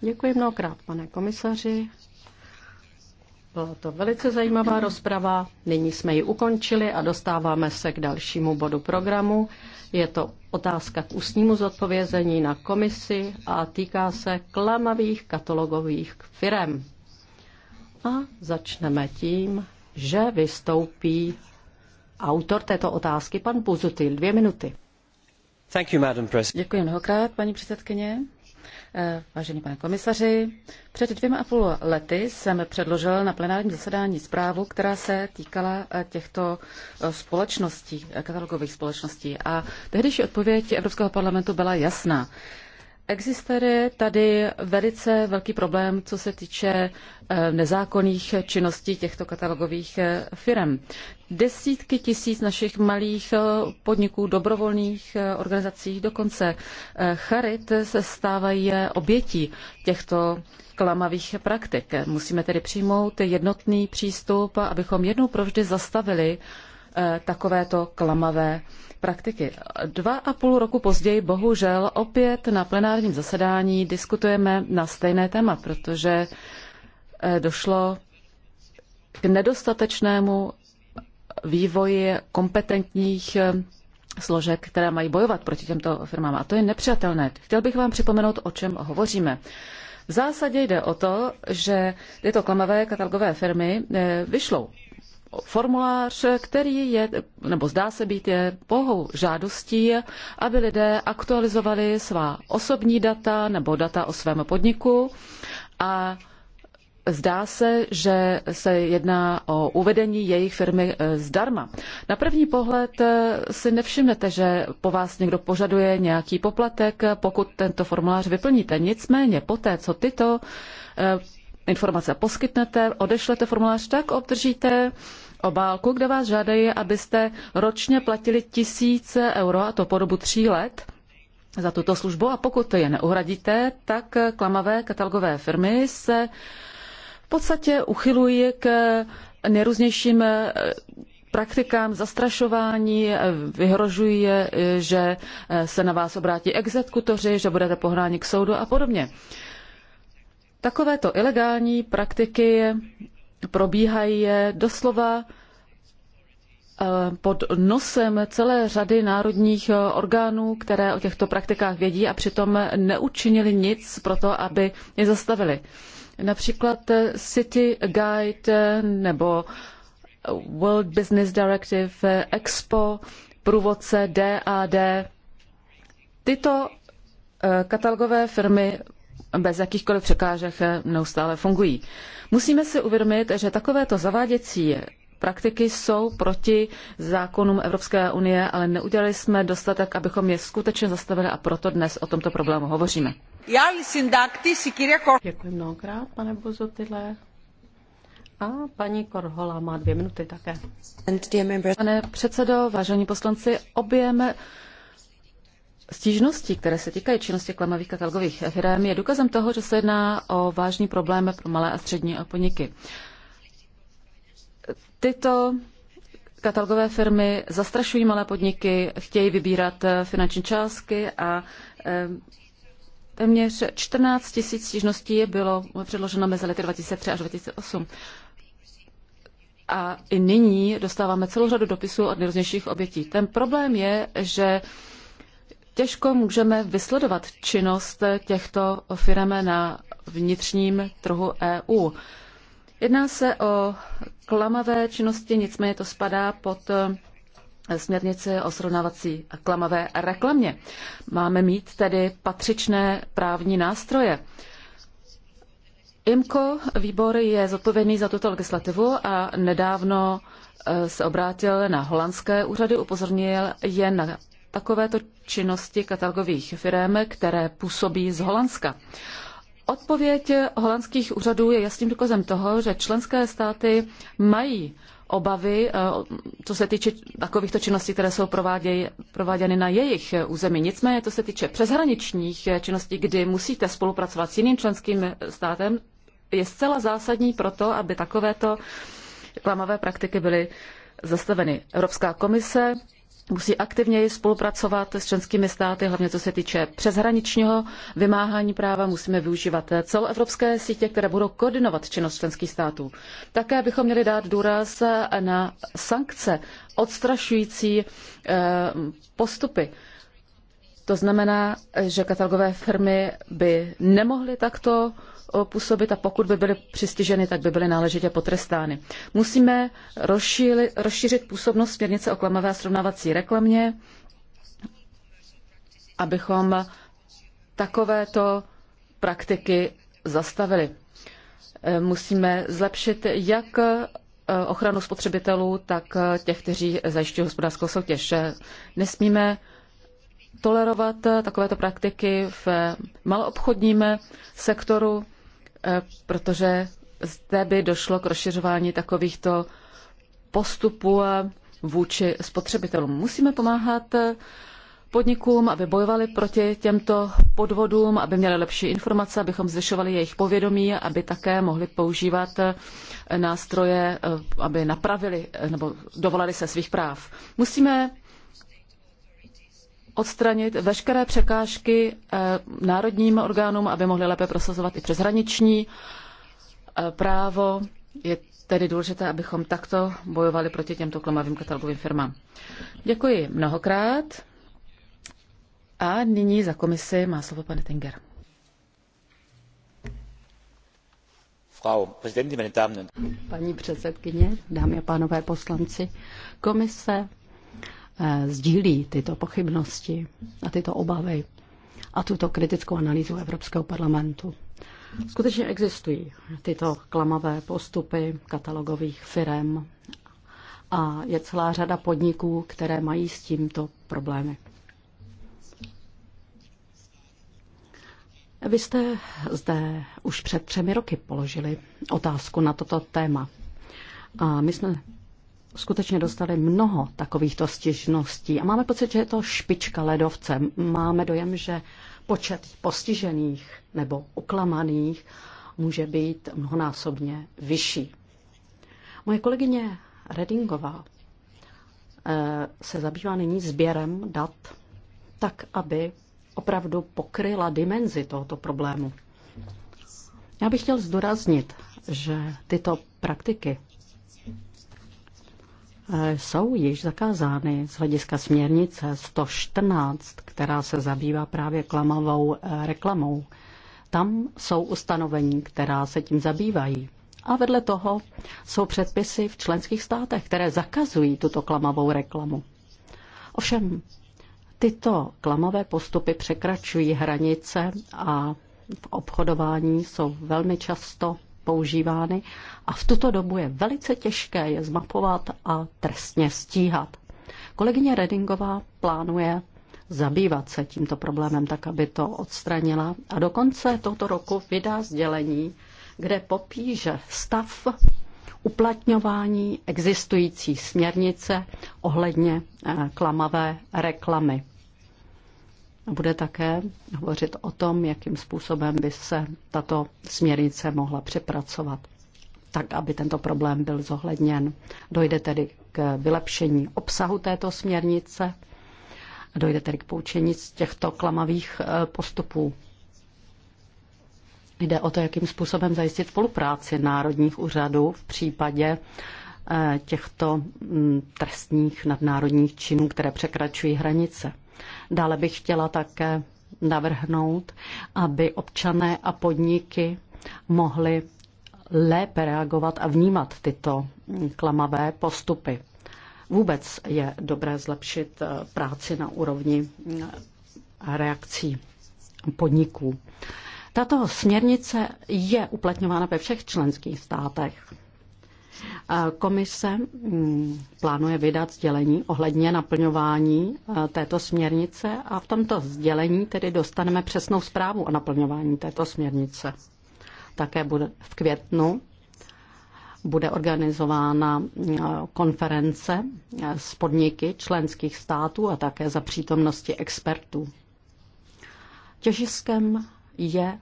Děkuji mnohokrát, pane komisaři. Byla to velice zajímavá rozprava. Nyní jsme ji ukončili a dostáváme se k dalšímu bodu programu. Je to otázka k ústnímu zodpovězení na komisi a týká se klamavých katalogových firem. A začneme tím, že vystoupí autor této otázky, pan Buzutil. Dvě minuty. Thank you, Madam Děkuji mnohokrát, paní předsedkyně. Eh, vážený pane komisaři, před dvěma a půl lety jsem předložil na plenárním zasedání zprávu, která se týkala eh, těchto eh, společností, katalogových společností. A tehdejší odpověď Evropského parlamentu byla jasná. Existuje tady velice velký problém, co se týče eh, nezákonných činností těchto katalogových eh, firm. Desítky tisíc našich malých eh, podniků, dobrovolných organizací, dokonce charit se stávají obětí těchto klamavých praktik. Musíme tedy přijmout jednotný přístup, abychom jednou provždy zastavili takovéto klamavé praktiky. Dva a půl roku později bohužel opět na plenárním zasedání diskutujeme na stejné téma, protože eh, došlo k nedostatečnému vývoji kompetentních eh, složek, které mají bojovat proti těmto firmám. A to je nepřijatelné. Chtěl bych vám připomenout, o čem hovoříme. V zásadě jde o to, že tyto klamavé katalogové firmy eh, vyšlou formulář, který je, nebo zdá se být, je pouhou žádostí, aby lidé aktualizovali svá osobní data nebo data o svém podniku a Zdá se, že se jedná o uvedení jejich firmy eh, zdarma. Na první pohled eh, si nevšimnete, že po vás někdo požaduje nějaký poplatek, pokud tento formulář vyplníte. Nicméně poté, co tyto eh, informace poskytnete, odešlete formulář, tak obdržíte obálku, kde vás žádají, abyste ročně platili tisíce euro, a to po dobu tří let, za tuto službu a pokud je neuhradíte, tak klamavé katalogové firmy se v podstatě uchylují k nejrůznějším eh, praktikám zastrašování, vyhrožují, eh, že eh, se na vás obrátí exekutoři, že budete pohráni k soudu a podobně. Takovéto ilegální praktiky probíhají doslova eh, pod nosem celé řady národních orgánů, které o těchto praktikách vědí a přitom neučinili nic pro to, aby je zastavili. Například City Guide nebo World Business Directive, Expo, průvodce DAD. Tyto eh, katalogové firmy bez jakýchkoliv překážek neustále fungují. Musíme si uvědomit, že takovéto zaváděcí praktiky jsou proti zákonům Evropské unie, ale neudělali jsme dostatek, abychom je skutečně zastavili a proto dnes o tomto problému hovoříme. Děkuji mnohokrát, pane Bozotile. A paní Korhola má dvě minuty také. Pane předsedo, vážení poslanci, objem Stížnosti, které se týkají činnosti klamavých katalogových firm, je důkazem toho, že se jedná o vážný problém pro malé a střední podniky. Tyto katalogové firmy zastrašují malé podniky, chtějí vybírat eh, finanční částky a eh, téměř 14 tisíc stížností bylo předloženo mezi lety 2003 až 2008. A i nyní dostáváme celou řadu dopisů od nejrůznějších obětí. Ten problém je, že těžko můžeme vysledovat činnost těchto firm na vnitřním trhu EU. Jedná se o klamavé činnosti, nicméně to spadá pod eh, směrnici o srovnávací klamavé reklamě. Máme mít tedy patřičné právní nástroje. IMCO výbor je zodpovědný za tuto legislativu a nedávno eh, se obrátil na holandské úřady, upozornil je na takovéto činnosti katalogových firm, které působí z Holandska. Odpověď holandských úřadů je jasným důkazem toho, že členské státy mají obavy, eh, co se týče takovýchto činností, které jsou prováděj, prováděny na jejich území. Nicméně, co se týče přeshraničních činností, kdy musíte spolupracovat s jiným členským státem, je zcela zásadní proto, aby takovéto klamavé praktiky byly zastaveny. Evropská komise musí aktivněji spolupracovat s členskými státy, hlavně co se týče přeshraničního vymáhání práva. Musíme využívat celoevropské sítě, které budou koordinovat činnost členských států. Také bychom měli dát důraz na sankce odstrašující eh, postupy. To znamená, že katalogové firmy by nemohly takto působit a pokud by byly přistiženy, tak by byly náležitě potrestány. Musíme rozšířit, rozšířit působnost směrnice o klamavé a srovnávací reklamě, abychom takovéto praktiky zastavili. E, musíme zlepšit jak e, ochranu spotřebitelů, tak e, těch, kteří zajišťují hospodářskou soutěž. Nesmíme tolerovat eh, takovéto praktiky v eh, maloobchodním eh, sektoru, protože zde by došlo k rozšiřování takovýchto postupů vůči spotřebitelům. Musíme pomáhat podnikům, aby bojovali proti těmto podvodům, aby měli lepší informace, abychom zvyšovali jejich povědomí, aby také mohli používat nástroje, aby napravili nebo dovolali se svých práv. Musíme odstranit veškeré překážky eh, národním orgánům, aby mohli lépe prosazovat i přeshraniční eh, právo. Je tedy důležité, abychom takto bojovali proti těmto klamavým katalogovým firmám. Děkuji mnohokrát. A nyní za komisi má slovo pan Tinger. Paní předsedkyně, dámy a pánové poslanci, komise Eh, sdílí tyto pochybnosti a tyto obavy a tuto kritickou analýzu Evropského parlamentu. Skutečně existují tyto klamavé postupy katalogových firm a je celá řada podniků, které mají s tímto problémy. Vy jste zde už před třemi roky položili otázku na toto téma. A my jsme skutečně dostali mnoho takovýchto stěžností a máme pocit, že je to špička ledovce. Máme dojem, že počet postižených nebo oklamaných může být mnohonásobně vyšší. Moje kolegyně Redingová eh, se zabývá nyní sběrem dat, tak aby opravdu pokryla dimenzi tohoto problému. Já bych chtěl zdůraznit, že tyto praktiky Eh, jsou již zakázány z hlediska směrnice 114, která se zabývá právě klamavou eh, reklamou. Tam jsou ustanovení, která se tím zabývají. A vedle toho jsou předpisy v členských státech, které zakazují tuto klamavou reklamu. Ovšem, tyto klamové postupy překračují hranice a v obchodování jsou velmi často používány a v tuto dobu je velice těžké je zmapovat a trestně stíhat. Kolegyně Redingová plánuje zabývat se tímto problémem tak, aby to odstranila a do konce tohoto roku vydá sdělení, kde popíše stav uplatňování existující směrnice ohledně eh, klamavé reklamy bude také hovořit o tom, jakým způsobem by se tato směrnice mohla přepracovat, tak aby tento problém byl zohledněn. Dojde tedy k vylepšení obsahu této směrnice, dojde tedy k poučení z těchto klamavých eh, postupů. Jde o to, jakým způsobem zajistit spolupráci národních úřadů v případě eh, těchto mm, trestních nadnárodních činů, které překračují hranice. Dále bych chtěla také navrhnout, aby občané a podniky mohli lépe reagovat a vnímat tyto klamavé postupy. Vůbec je dobré zlepšit eh, práci na úrovni eh, reakcí podniků. Tato směrnice je uplatňována ve všech členských státech. Eh, komise mm, plánuje vydat sdělení ohledně naplňování eh, této směrnice a v tomto sdělení tedy dostaneme přesnou zprávu o naplňování této směrnice. Také bude v květnu bude organizována eh, konference s podniky členských států a také za přítomnosti expertů. Těžiskem je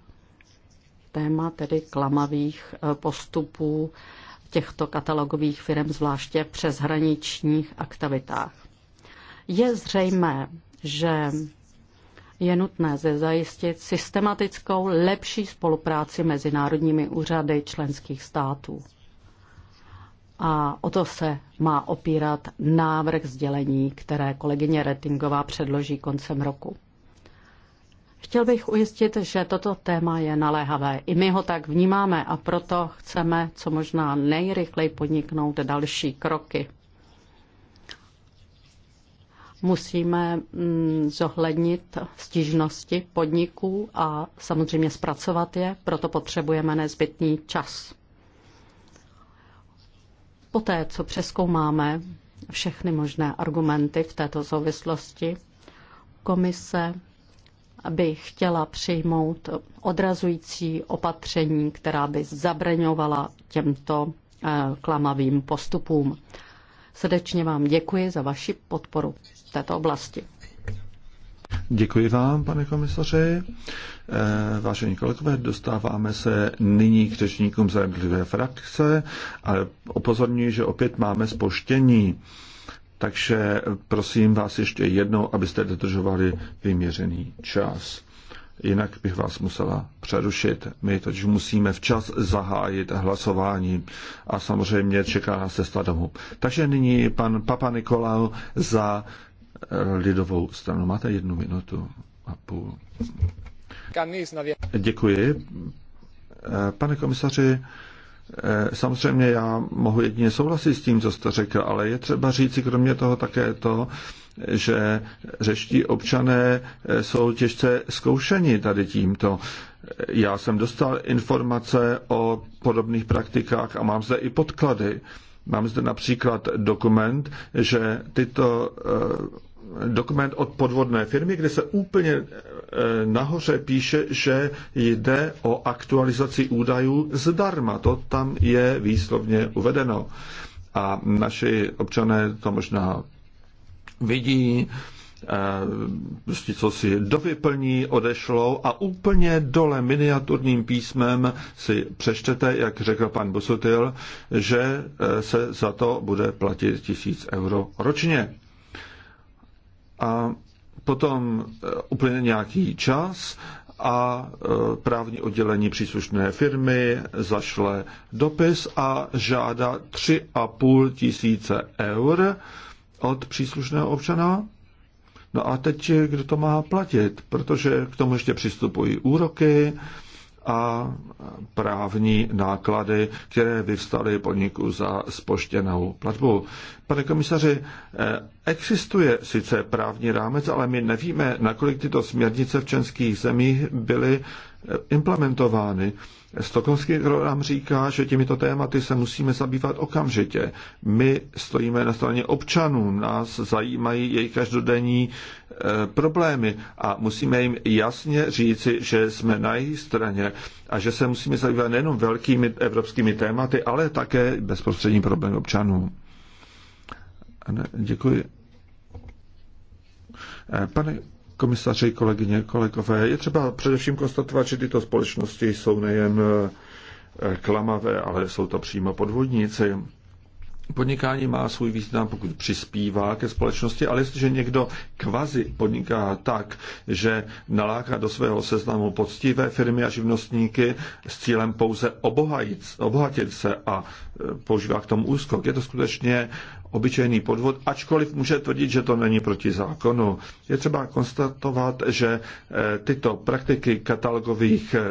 téma tedy klamavých postupů těchto katalogových firm, zvláště v přeshraničních aktivitách. Je zřejmé, že je nutné se zajistit systematickou lepší spolupráci mezi národními úřady členských států. A o to se má opírat návrh sdělení, které kolegyně Rettingová předloží koncem roku. Chtěl bych ujistit, že toto téma je naléhavé. I my ho tak vnímáme a proto chceme co možná nejrychleji podniknout další kroky. Musíme mm, zohlednit stížnosti podniků a samozřejmě zpracovat je, proto potřebujeme nezbytný čas. Poté, co přeskoumáme všechny možné argumenty v této souvislosti, komise by chtěla přijmout odrazující opatření, která by zabraňovala těmto eh, klamavým postupům. Srdečně vám děkuji za vaši podporu v této oblasti. Děkuji vám, pane komisaři. Eh, vážení kolegové, dostáváme se nyní k řečníkům za jednotlivé frakce, ale upozorňuji, že opět máme spoštění. Takže prosím vás ještě jednou, abyste dodržovali vyměřený čas. Jinak bych vás musela přerušit. My totiž musíme včas zahájit hlasování a samozřejmě čeká nás cesta domů. Takže nyní pan Papa Nikolau za eh, lidovou stranu. Máte jednu minutu a půl. Děkuji. Pane komisaři, Eh, samozřejmě já mohu jedině souhlasit s tím, co jste řekl, ale je třeba říci kromě toho také to, že řeští občané eh, jsou těžce zkoušeni tady tímto. Eh, já jsem dostal informace o podobných praktikách a mám zde i podklady. Mám zde například dokument, že tyto dokument od podvodné firmy, kde se úplně e, nahoře píše, že jde o aktualizaci údajů zdarma. To tam je výslovně uvedeno. A naši občané to možná vidí, e, prostě co si dovyplní, odešlo a úplně dole miniaturním písmem si přečtete, jak řekl pan Busutil, že e, se za to bude platit tisíc euro ročně a potom eh, uplyne nějaký čas a eh, právní oddělení příslušné firmy zašle dopis a žádá 3,5 tisíce eur od příslušného občana. No a teď eh, kdo to má platit, protože k tomu ještě přistupují úroky, a právní náklady, které vyvstaly podniku za spoštěnou platbu. Pane komisaři, eh, existuje sice právní rámec, ale my nevíme, nakolik tyto směrnice v českých zemích byly eh, implementovány. Stokovský program říká, že těmito tématy se musíme zabývat okamžitě. My stojíme na straně občanů, nás zajímají jejich každodenní e, problémy a musíme jim jasně říci, že jsme na jejich straně a že se musíme zabývat nejenom velkými evropskými tématy, ale také bezprostřední problémy občanů. Děkuji. E, pane komisaři, kolegyně, kolegové, je třeba především konstatovat, že tyto společnosti jsou nejen eh, klamavé, ale jsou to přímo podvodníci. Podnikání má svůj význam, pokud přispívá ke společnosti, ale jestliže někdo kvazi podniká tak, že naláká do svého seznamu poctivé firmy a živnostníky s cílem pouze obohajit, obohatit se a eh, používá k tomu úskok, je to skutečně obyčejný podvod, ačkoliv může tvrdit, že to není proti zákonu. Je třeba konstatovat, že eh, tyto praktiky katalogových eh,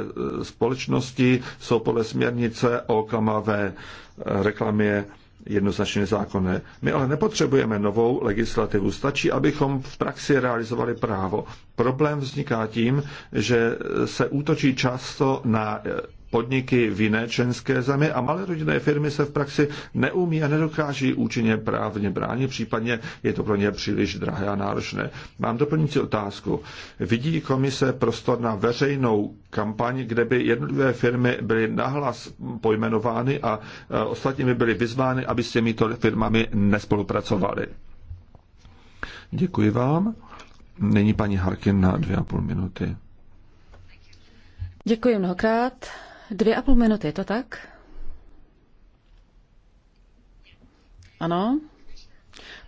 společností jsou podle směrnice o klamavé eh, reklamě jednoznačně zákonné. My ale nepotřebujeme novou legislativu, stačí, abychom v praxi realizovali právo. Problém vzniká tím, že se útočí často na podniky v jiné členské zemi a malé rodinné firmy se v praxi neumí a nedokáží účinně právně bránit, případně je to pro ně příliš drahé a náročné. Mám doplňující otázku. Vidí komise prostor na veřejnou kampaň, kde by jednotlivé firmy byly nahlas pojmenovány a e, ostatní by byly vyzvány, aby s těmito firmami nespolupracovaly? Děkuji vám. Nyní paní Harkin na dvě a půl minuty. Děkuji mnohokrát dvě a půl minuty, je to tak? Ano.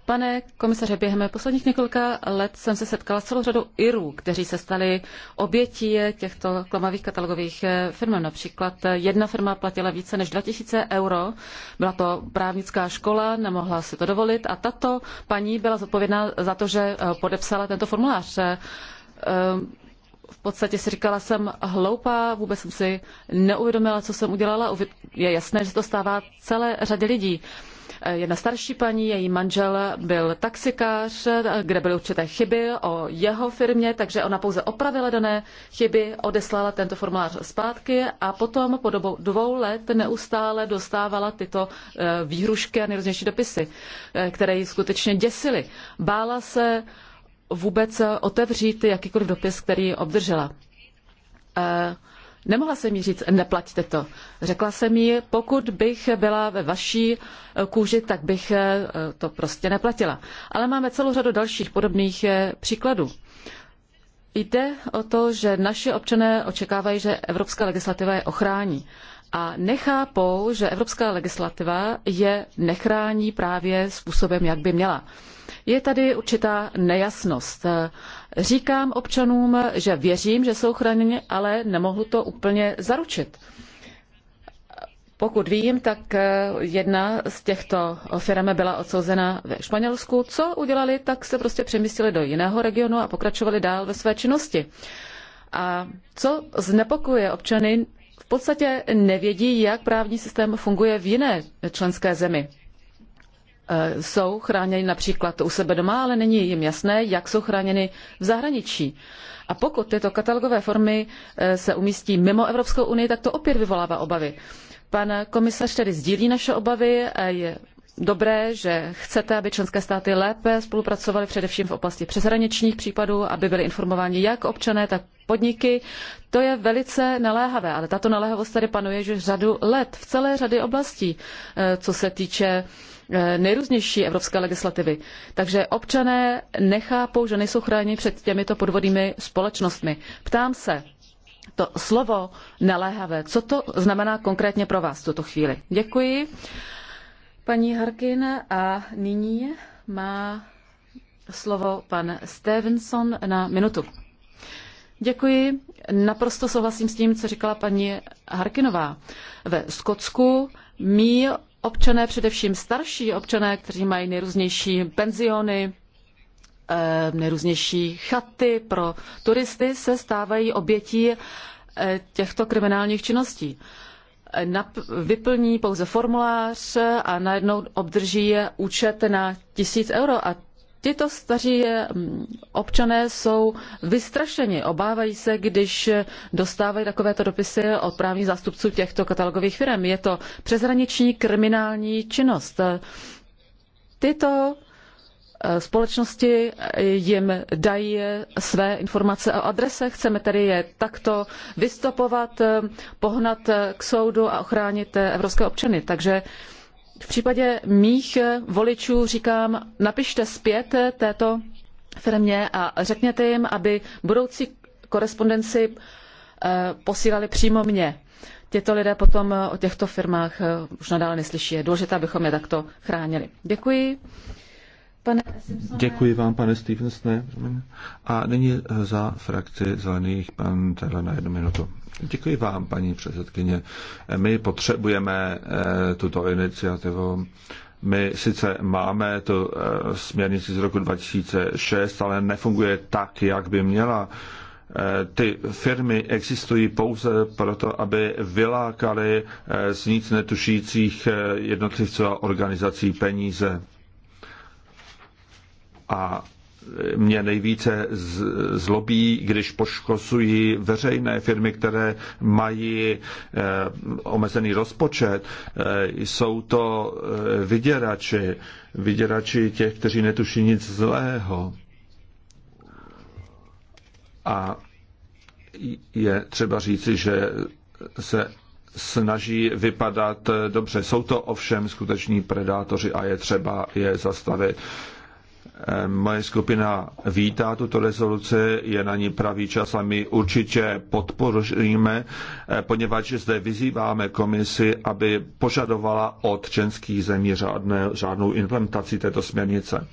Pane komisaře, během posledních několika let jsem se setkala s celou řadou Irů, kteří se stali obětí těchto klamavých katalogových firm. Například jedna firma platila více než 2000 euro, byla to právnická škola, nemohla si to dovolit a tato paní byla zodpovědná za to, že podepsala tento formulář v podstatě si říkala, jsem hloupá, vůbec jsem si neuvědomila, co jsem udělala. Je jasné, že se to stává celé řadě lidí. Jedna starší paní, její manžel byl taxikář, kde byly určité chyby o jeho firmě, takže ona pouze opravila dané chyby, odeslala tento formulář zpátky a potom po dobu dvou let neustále dostávala tyto eh, výhrušky a nejrůznější dopisy, eh, které ji skutečně děsily. Bála se vůbec eh, otevřít jakýkoliv dopis, který obdržela. Eh, nemohla jsem jí říct, neplaťte to. Řekla jsem jí, pokud bych byla ve vaší eh, kůži, tak bych to prostě neplatila. Ale máme celou řadu dalších podobných příkladů. Jde o to, že naši občané očekávají, že evropská legislativa je ochrání a nechápou, že evropská legislativa je nechrání právě způsobem, jak by měla je tady určitá nejasnost. Říkám občanům, že věřím, že jsou chráněni, ale nemohu to úplně zaručit. Pokud vím, tak eh, jedna z těchto firm byla odsouzena ve Španělsku. Co udělali, tak se prostě přemístili do jiného regionu a pokračovali dál ve své činnosti. A co znepokuje občany, v podstatě nevědí, jak právní systém funguje v jiné členské zemi. Eh, jsou chráněny například u sebe doma, ale není jim jasné, jak jsou chráněny v zahraničí. A pokud tyto katalogové formy eh, se umístí mimo Evropskou unii, tak to opět vyvolává obavy. Pan komisař tedy sdílí naše obavy, je dobré, že chcete, aby členské státy lépe spolupracovaly především v oblasti přeshraničních případů, aby byly informováni jak občané, tak podniky. To je velice naléhavé, ale tato naléhavost tady panuje už řadu let v celé řady oblastí, eh, co se týče Eh, nejrůznější evropské legislativy. Takže občané nechápou, že nejsou chráněni před těmito podvodnými společnostmi. Ptám se, to slovo naléhavé, co to znamená konkrétně pro vás v tuto chvíli? Děkuji. Paní Harkin a nyní má slovo pan Stevenson na minutu. Děkuji. Naprosto souhlasím s tím, co říkala paní Harkinová. Ve Skotsku mí občané, především starší občané, kteří mají nejrůznější penziony, eh, nejrůznější chaty pro turisty, se stávají obětí eh, těchto kriminálních činností. Eh, vyplní pouze formulář a najednou obdrží účet na tisíc euro a Tito staří eh, občané jsou vystrašeni, obávají se, když eh, dostávají takovéto dopisy od právních zástupců těchto katalogových firm. Je to přeshraniční kriminální činnost. Tyto eh, společnosti jim dají své informace o adrese. Chceme tedy je takto vystopovat, pohnat k soudu a ochránit evropské občany. Takže v případě mých voličů říkám, napište zpět této firmě a řekněte jim, aby budoucí korespondenci eh, posílali přímo mě. Těto lidé potom eh, o těchto firmách eh, už nadále neslyší. Je důležité, abychom je takto chránili. Děkuji. Pane Děkuji vám, pane Stevens. Ne, a nyní za frakci zelených pan Tele na jednu minutu. Děkuji vám, paní předsedkyně. My potřebujeme eh, tuto iniciativu. My sice máme tu eh, směrnici z roku 2006, ale nefunguje tak, jak by měla. Eh, ty firmy existují pouze proto, aby vylákaly z nic netušících jednotlivců a organizací peníze a mě nejvíce zlobí, když poškozují veřejné firmy, které mají eh, omezený rozpočet. Eh, jsou to eh, vyděrači, vyděrači těch, kteří netuší nic zlého. A je třeba říci, že se snaží vypadat dobře. Jsou to ovšem skuteční predátoři a je třeba je zastavit. Moje skupina vítá tuto rezoluci, je na ní pravý čas a my určitě podpoříme, eh, poněvadž zde vyzýváme komisi, aby požadovala od členských zemí řádné, řádnou implementaci této směrnice.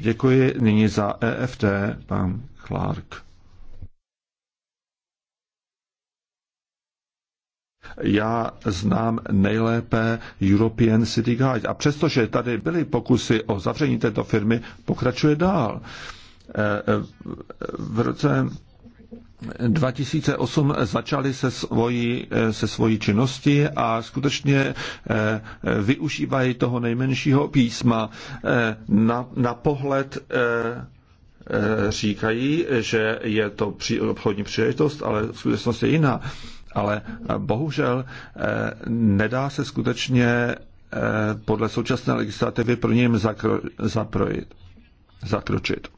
Děkuji nyní za EFT, pan Clark. já znám nejlépe European City Guide. A přestože tady byly pokusy o zavření této firmy, pokračuje dál. Eh, eh, v roce 2008 začali se svojí, eh, se svojí činnosti a skutečně využívají toho nejmenšího písma. Na, na pohled říkají, že je to obchodní příležitost, ale skutečnost je jiná ale eh, bohužel eh, nedá se skutečně eh, podle současné legislativy pro něm zakro, zaprojit, zakročit.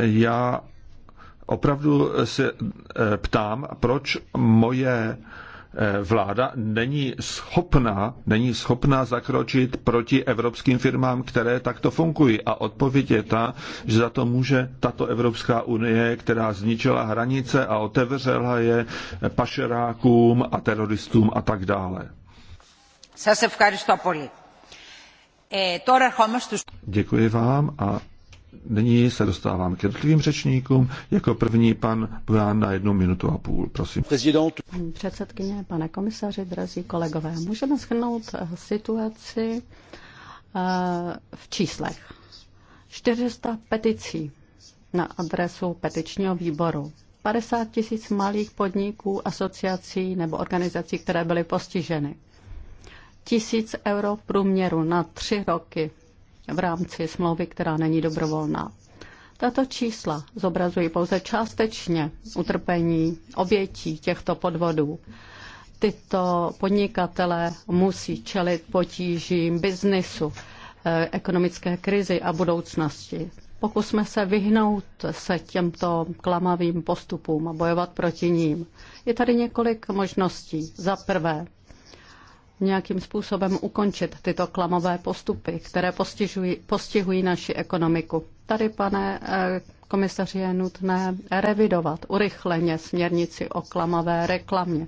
Já opravdu se ptám, proč moje Eh, vláda není schopná, není schopná zakročit proti evropským firmám, které takto fungují. A odpověď je ta, že za to může tato Evropská unie, která zničila hranice a otevřela je pašerákům a teroristům a tak dále. Děkuji vám a nyní se dostávám k jednotlivým řečníkům. Jako první pan Bojan na jednu minutu a půl, prosím. předsedkyně, pane komisaři, drazí kolegové, můžeme shrnout eh, situaci eh, v číslech. 400 peticí na adresu petičního výboru. 50 tisíc malých podniků, asociací nebo organizací, které byly postiženy. Tisíc euro v průměru na tři roky v rámci smlouvy, která není dobrovolná. Tato čísla zobrazují pouze částečně utrpení obětí těchto podvodů. Tyto podnikatele musí čelit potížím biznisu, eh, ekonomické krizi a budoucnosti. Pokusme se vyhnout se těmto klamavým postupům a bojovat proti ním. Je tady několik možností. Za prvé, nějakým způsobem ukončit tyto klamové postupy, které postižují, postihují naši ekonomiku. Tady, pane eh, komisaři, je nutné revidovat urychleně směrnici o klamavé reklamě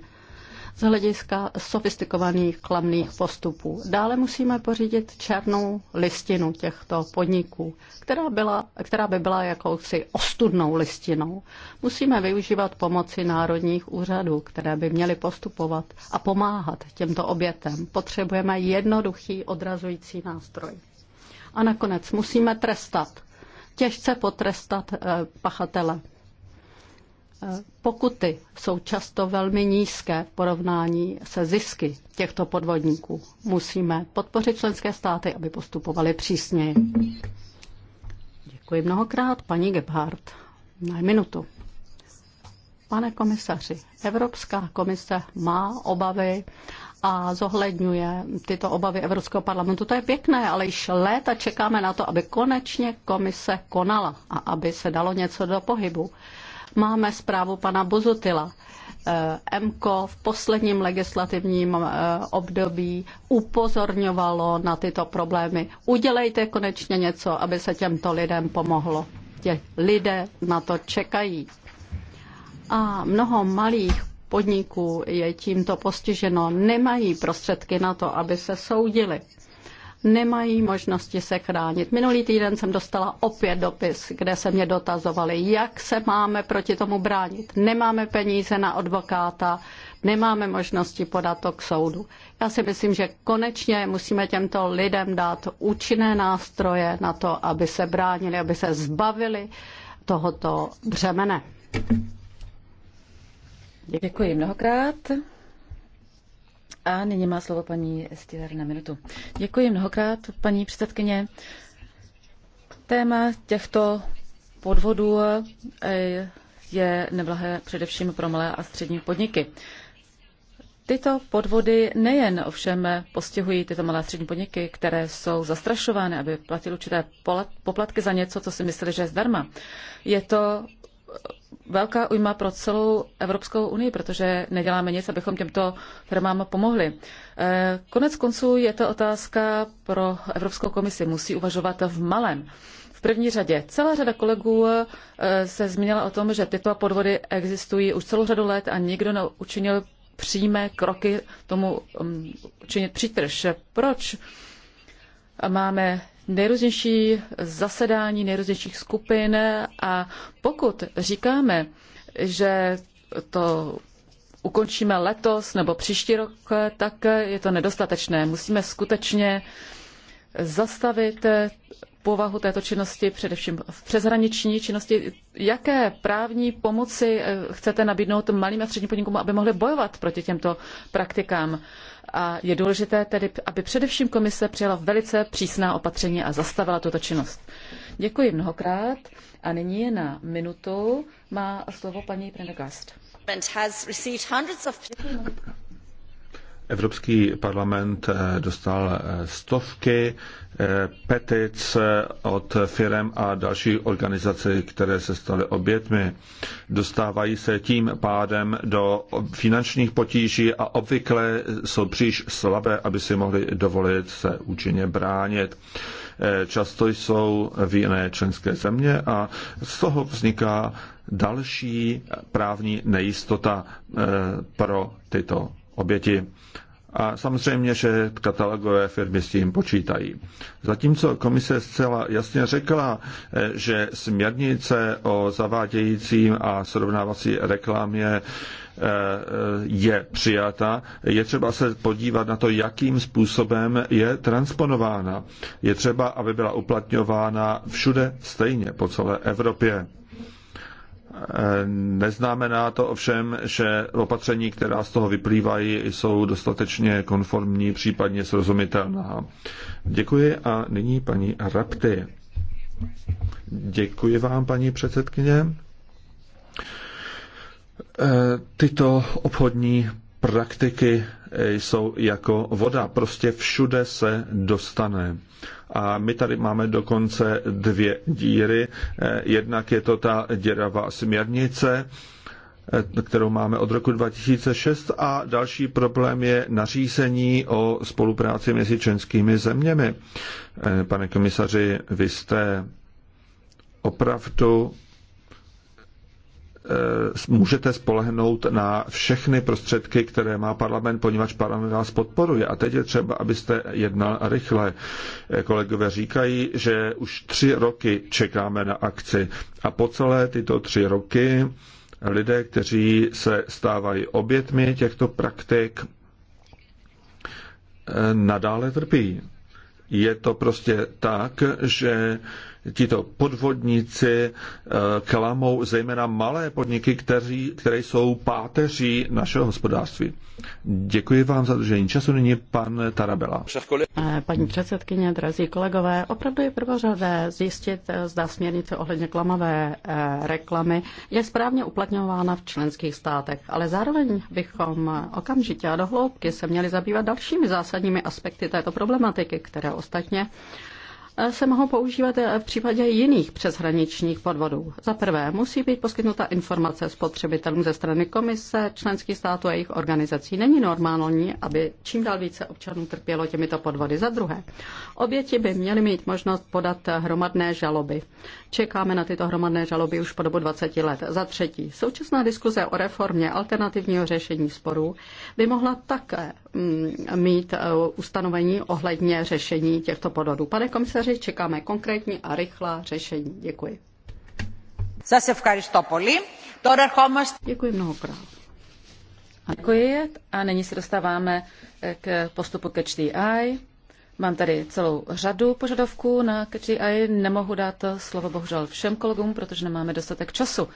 z hlediska sofistikovaných klamných postupů. Dále musíme pořídit černou listinu těchto podniků, která, byla, která by byla jakousi ostudnou listinou. Musíme využívat pomoci národních úřadů, které by měly postupovat a pomáhat těmto obětem. Potřebujeme jednoduchý odrazující nástroj. A nakonec musíme trestat těžce potrestat eh, pachatele. Pokuty jsou často velmi nízké v porovnání se zisky těchto podvodníků. Musíme podpořit členské státy, aby postupovali přísněji. Děkuji mnohokrát, paní Gebhardt. Na minutu. Pane komisaři, Evropská komise má obavy a zohledňuje tyto obavy Evropského parlamentu. To je pěkné, ale již léta čekáme na to, aby konečně komise konala a aby se dalo něco do pohybu. Máme zprávu pana Bozotila. Eh, MKO v posledním legislativním eh, období upozorňovalo na tyto problémy. Udělejte konečně něco, aby se těmto lidem pomohlo. Tě lidé na to čekají. A mnoho malých podniků je tímto postiženo, nemají prostředky na to, aby se soudili nemají možnosti se chránit. Minulý týden jsem dostala opět dopis, kde se mě dotazovali, jak se máme proti tomu bránit. Nemáme peníze na advokáta, nemáme možnosti podat to k soudu. Já si myslím, že konečně musíme těmto lidem dát účinné nástroje na to, aby se bránili, aby se zbavili tohoto břemene. Děkuji, mnohokrát. A nyní má slovo paní Stiller na minutu. Děkuji mnohokrát, paní předsedkyně. Téma těchto podvodů eh, je neblahé především pro malé a střední podniky. Tyto podvody nejen ovšem postihují tyto malé a střední podniky, které jsou zastrašovány, aby platili určité poplatky za něco, co si mysleli, že je zdarma. Je to velká ujma pro celou Evropskou unii, protože neděláme nic, abychom těmto firmám pomohli. Eh, konec konců je to otázka pro Evropskou komisi. Musí uvažovat v malém. V první řadě celá řada kolegů eh, se zmínila o tom, že tyto podvody existují už celou řadu let a nikdo neučinil přímé kroky tomu mm, učinit přítrž. Proč máme nejrůznější zasedání nejrůznějších skupin a pokud říkáme, že to ukončíme letos nebo příští rok, tak je to nedostatečné. Musíme skutečně zastavit povahu této činnosti, především v přeshraniční činnosti. Jaké právní pomoci chcete nabídnout malým a středním podnikům, aby mohli bojovat proti těmto praktikám? A je důležité tedy, aby především komise přijala velice přísná opatření a zastavila tuto činnost. Děkuji mnohokrát a nyní na minutu má slovo paní Prendergast. Děkuji. Evropský parlament eh, dostal eh, stovky eh, petic od firm a dalších organizací, které se staly obětmi. Dostávají se tím pádem do finančních potíží a obvykle jsou příliš slabé, aby si mohli dovolit se účinně bránit. Často jsou v jiné členské země a z toho vzniká další právní nejistota pro tyto oběti. A samozřejmě, že katalogové firmy s tím počítají. Zatímco komise zcela jasně řekla, eh, že směrnice o zavádějícím a srovnávací reklamě eh, eh, je přijata, je třeba se podívat na to, jakým způsobem je transponována. Je třeba, aby byla uplatňována všude stejně po celé Evropě. Neznamená to ovšem, že opatření, která z toho vyplývají, jsou dostatečně konformní, případně srozumitelná. Děkuji a nyní paní Rapty. Děkuji vám, paní předsedkyně. E, tyto obchodní praktiky e, jsou jako voda, prostě všude se dostane. A my tady máme dokonce dvě díry. E, jednak je to ta děravá směrnice, e, kterou máme od roku 2006 a další problém je nařízení o spolupráci mezi členskými zeměmi. Pane komisaři, vy jste opravdu Eh, můžete spolehnout na všechny prostředky, které má parlament, poněvadž parlament vás podporuje. A teď je třeba, abyste jednal rychle. Eh, kolegové říkají, že už tři roky čekáme na akci a po celé tyto tři roky lidé, kteří se stávají obětmi těchto praktik, eh, nadále trpí. Je to prostě tak, že tito podvodníci eh, klamou zejména malé podniky, kteří, které jsou páteří našeho hospodářství. Děkuji vám za držení času. Nyní pan Tarabela. Eh, paní předsedkyně, drazí kolegové, opravdu je prvořadé zjistit, eh, zda směrnice ohledně klamavé reklamy je správně uplatňována v členských státech, ale zároveň bychom okamžitě a dohloubky se měli zabývat dalšími zásadními aspekty této problematiky, které ostatně se mohou používat v případě jiných přeshraničních podvodů. Za prvé, musí být poskytnuta informace spotřebitelům ze strany komise, členských států a jejich organizací. Není normální, aby čím dál více občanů trpělo těmito podvody. Za druhé, oběti by měly mít možnost podat hromadné žaloby. Čekáme na tyto hromadné žaloby už po dobu 20 let. Za třetí, současná diskuze o reformě alternativního řešení sporů by mohla také mm, mít e, ustanovení ohledně řešení těchto podvodů. Pane komisaři, komisaři, čekáme konkrétní a rychlá řešení. Děkuji. Zase v Karistopoli. Děkuji mnohokrát. děkuji a nyní se dostáváme eh, k postupu the Eye. Mám tady celou řadu požadavků na Eye. Nemohu dát slovo bohužel všem kolegům, protože nemáme dostatek času.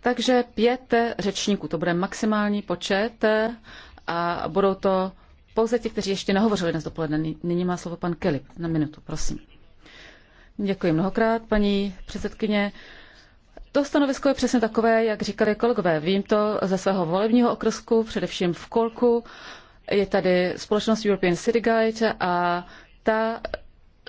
Takže pět řečníků, to bude maximální počet eh, a budou to pouze ti, kteří ještě nehovořili dnes dopoledne. Nyní má slovo pan Kelly. Na minutu, prosím. Děkuji mnohokrát, paní předsedkyně. To stanovisko je přesně takové, jak říkali kolegové. Vím to ze svého volebního okrsku, především v Kolku. Je tady společnost European City Guide a ta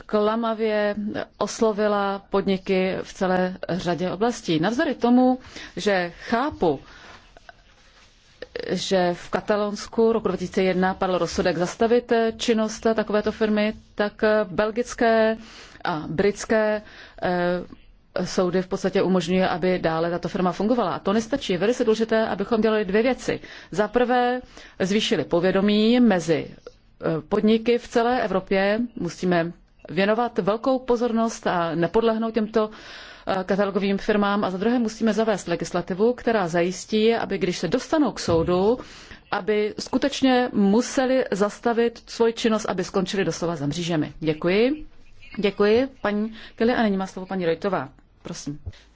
klamavě oslovila podniky v celé řadě oblastí. Navzdory tomu, že chápu, že v Katalonsku roku 2001 padl rozsudek zastavit činnost takovéto firmy, tak belgické a britské eh, soudy v podstatě umožňují, aby dále tato firma fungovala. A to nestačí. Je velice důležité, abychom dělali dvě věci. Za prvé, zvýšili povědomí mezi eh, podniky v celé Evropě. Musíme věnovat velkou pozornost a nepodlehnout těmto eh, katalogovým firmám. A za druhé musíme zavést legislativu, která zajistí, aby když se dostanou k soudu, aby skutečně museli zastavit svoji činnost, aby skončili doslova za mřížemi. Děkuji. Děkuji, paní Kelly, a nyní má slovo paní Rojtová. Prosím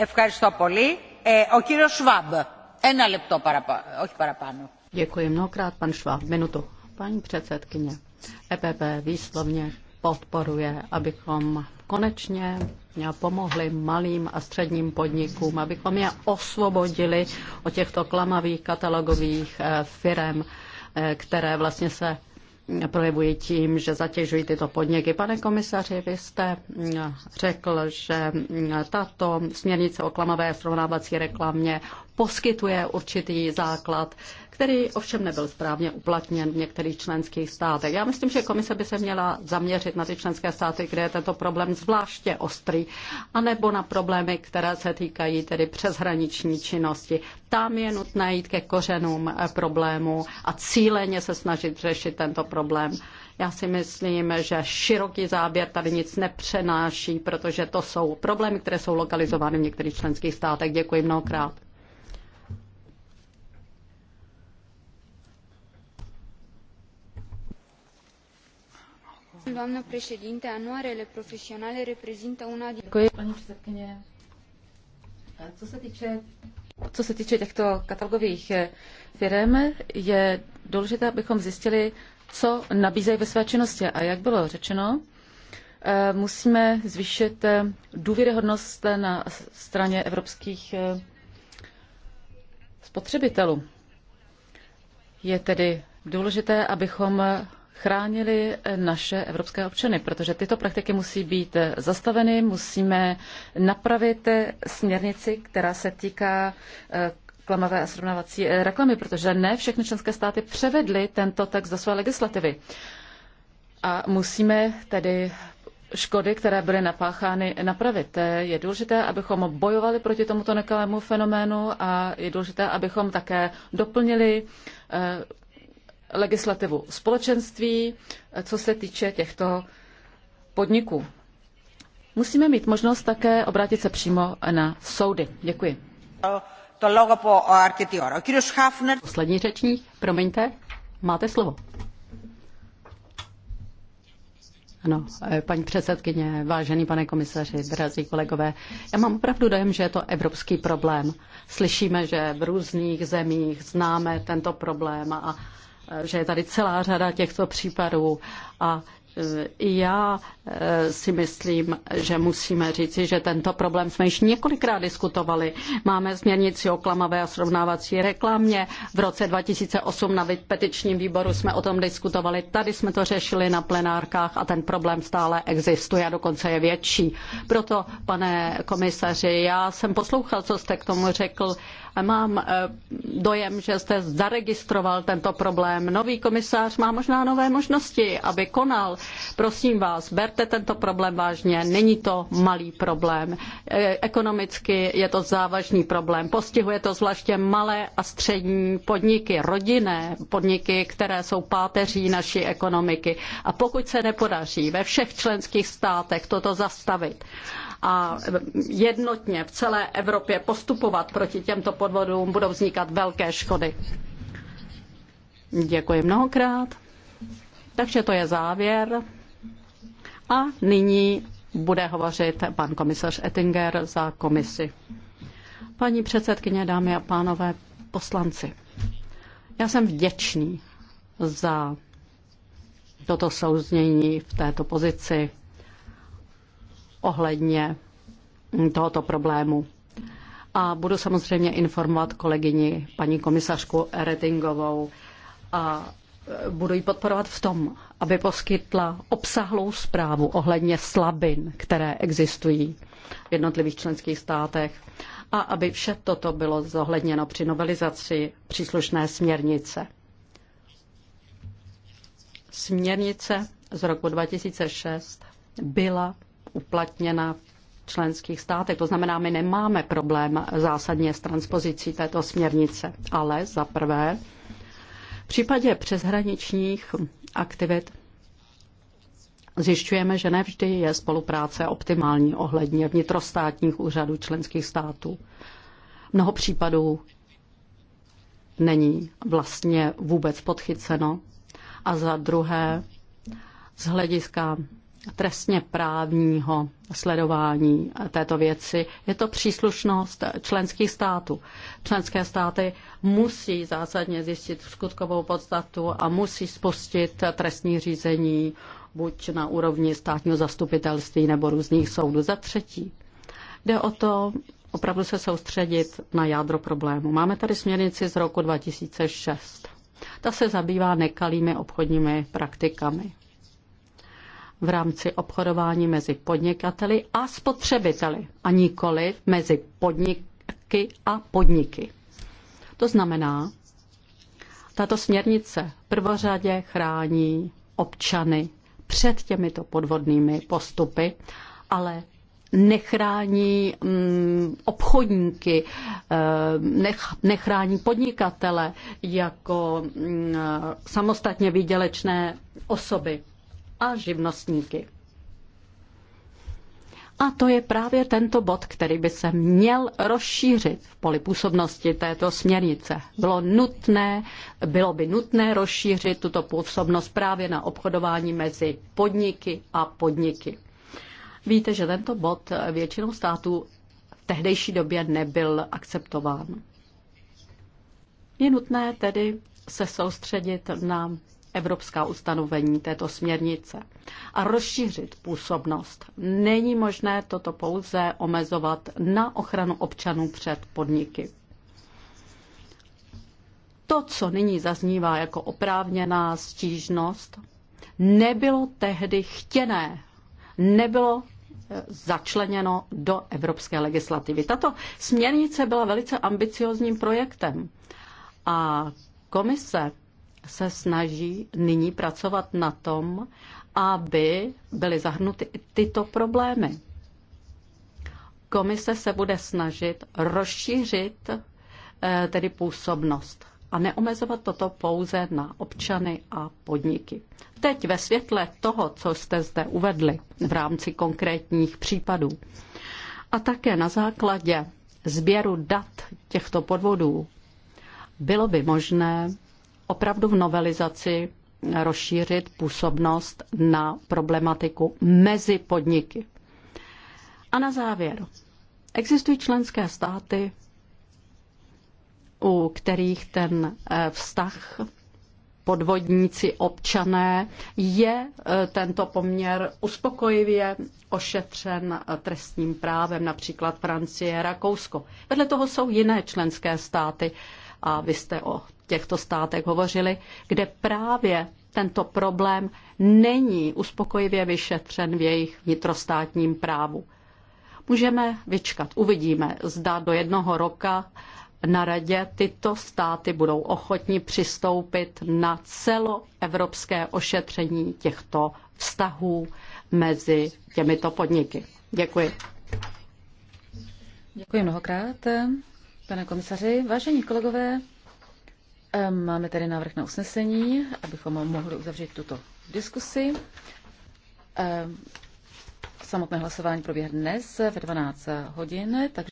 O Šváb, mnohokrát, pan Šváb, Paní předsedkyně, EPP výslovně podporuje, abychom konečně pomohli malým a středním podnikům, abychom je osvobodili od těchto klamavých katalogových eh, firem eh, které vlastně se projevují tím, že zatěžují tyto podniky. Pane komisaři, vy jste mm, řekl, že mm, tato směrnice o klamavé srovnávací reklamě poskytuje určitý základ který ovšem nebyl správně uplatněn v některých členských státech. Já myslím, že komise by se měla zaměřit na ty členské státy, kde je tento problém zvláště ostrý, anebo na problémy, které se týkají tedy přeshraniční činnosti. Tam je nutné jít ke kořenům eh, problému a cíleně se snažit řešit tento problém. Já si myslím, že široký záběr tady nic nepřenáší, protože to jsou problémy, které jsou lokalizovány v některých členských státech. Děkuji mnohokrát. anuarele profesionale reprezintă una din... Děkuji, paní předsedkyně. Co se týče co se týče těchto katalogových eh, firm, je důležité, abychom zjistili, co nabízejí ve své činnosti. A jak bylo řečeno, eh, musíme zvýšit eh, důvěryhodnost na straně evropských spotřebitelů. Je tedy důležité, abychom chránili naše evropské občany, protože tyto praktiky musí být zastaveny, musíme napravit směrnici, která se týká eh, klamavé a srovnávací eh, reklamy, protože ne všechny členské státy převedly tento text do své legislativy. A musíme tedy škody, které byly napáchány, napravit. Je důležité, abychom bojovali proti tomuto nekalému fenoménu a je důležité, abychom také doplnili eh, legislativu společenství, co se týče těchto podniků. Musíme mít možnost také obrátit se přímo na soudy. Děkuji. Poslední řečník, promiňte, máte slovo. Ano, eh, paní předsedkyně, vážený pane komisaři, drazí kolegové, já mám opravdu dojem, že je to evropský problém. Slyšíme, že v různých zemích známe tento problém a že je tady celá řada těchto případů a e, já e, si myslím, že musíme říci, že tento problém jsme již několikrát diskutovali. Máme směrnici o klamavé a srovnávací reklamě. V roce 2008 na petičním výboru jsme o tom diskutovali. Tady jsme to řešili na plenárkách a ten problém stále existuje a dokonce je větší. Proto, pane komisaři, já jsem poslouchal, co jste k tomu řekl a mám eh, dojem, že jste zaregistroval tento problém. Nový komisář má možná nové možnosti, aby konal. Prosím vás, berte tento problém vážně, není to malý problém. Eh, ekonomicky je to závažný problém. Postihuje to zvláště malé a střední podniky, rodinné podniky, které jsou páteří naší ekonomiky. A pokud se nepodaří ve všech členských státech toto zastavit, a jednotně v celé Evropě postupovat proti těmto podvodům budou vznikat velké škody. Děkuji mnohokrát. Takže to je závěr. A nyní bude hovořit pan komisař Ettinger za komisi. Paní předsedkyně, dámy a pánové poslanci, já jsem vděčný za toto souznění v této pozici ohledně tohoto problému a budu samozřejmě informovat kolegyni paní komisařku Redingovou a e, budu ji podporovat v tom, aby poskytla obsahlou zprávu ohledně slabin, které existují v jednotlivých členských státech a aby vše toto bylo zohledněno při novelizaci příslušné směrnice. Směrnice z roku 2006 byla uplatněna členských státech. To znamená, my nemáme problém zásadně s transpozicí této směrnice, ale za prvé, v případě přeshraničních aktivit zjišťujeme, že nevždy je spolupráce optimální ohledně vnitrostátních úřadů členských států. Mnoho případů není vlastně vůbec podchyceno. A za druhé, z hlediska trestně právního sledování této věci. Je to příslušnost členských států. Členské státy musí zásadně zjistit skutkovou podstatu a musí spustit trestní řízení buď na úrovni státního zastupitelství nebo různých soudů. Za třetí, jde o to opravdu se soustředit na jádro problému. Máme tady směrnici z roku 2006. Ta se zabývá nekalými obchodními praktikami v rámci obchodování mezi podnikateli a spotřebiteli a nikoli mezi podniky a podniky. To znamená, tato směrnice prvořadě chrání občany před těmito podvodnými postupy, ale nechrání mm, obchodníky, eh, nechrání podnikatele jako mm, samostatně výdělečné osoby a živnostníky. A to je právě tento bod, který by se měl rozšířit v poli působnosti této směrnice. Bylo, nutné, bylo by nutné rozšířit tuto působnost právě na obchodování mezi podniky a podniky. Víte, že tento bod většinou států v tehdejší době nebyl akceptován. Je nutné tedy se soustředit na evropská ustanovení této směrnice a rozšířit působnost. Není možné toto pouze omezovat na ochranu občanů před podniky. To, co nyní zaznívá jako oprávněná stížnost, nebylo tehdy chtěné, nebylo eh, začleněno do evropské legislativy. Tato směrnice byla velice ambiciozním projektem a komise se snaží nyní pracovat na tom, aby byly zahrnuty tyto problémy. Komise se bude snažit rozšířit eh, tedy působnost a neomezovat toto pouze na občany a podniky. Teď ve světle toho, co jste zde uvedli v rámci konkrétních případů a také na základě sběru dat těchto podvodů, bylo by možné opravdu v novelizaci rozšířit působnost na problematiku mezi podniky. A na závěr. Existují členské státy, u kterých ten eh, vztah podvodníci občané je eh, tento poměr uspokojivě ošetřen eh, trestním právem, například Francie, Rakousko. Vedle toho jsou jiné členské státy, a vy jste o těchto státech hovořili, kde právě tento problém není uspokojivě vyšetřen v jejich vnitrostátním právu. Můžeme vyčkat, uvidíme, zda do jednoho roka na radě tyto státy budou ochotní přistoupit na celoevropské ošetření těchto vztahů mezi těmito podniky. Děkuji. Děkuji mnohokrát. Pane komisaři, vážení kolegové, máme tady návrh na usnesení, abychom mohli uzavřít tuto diskusi. Samotné hlasování proběhne dnes ve 12 hodin, takže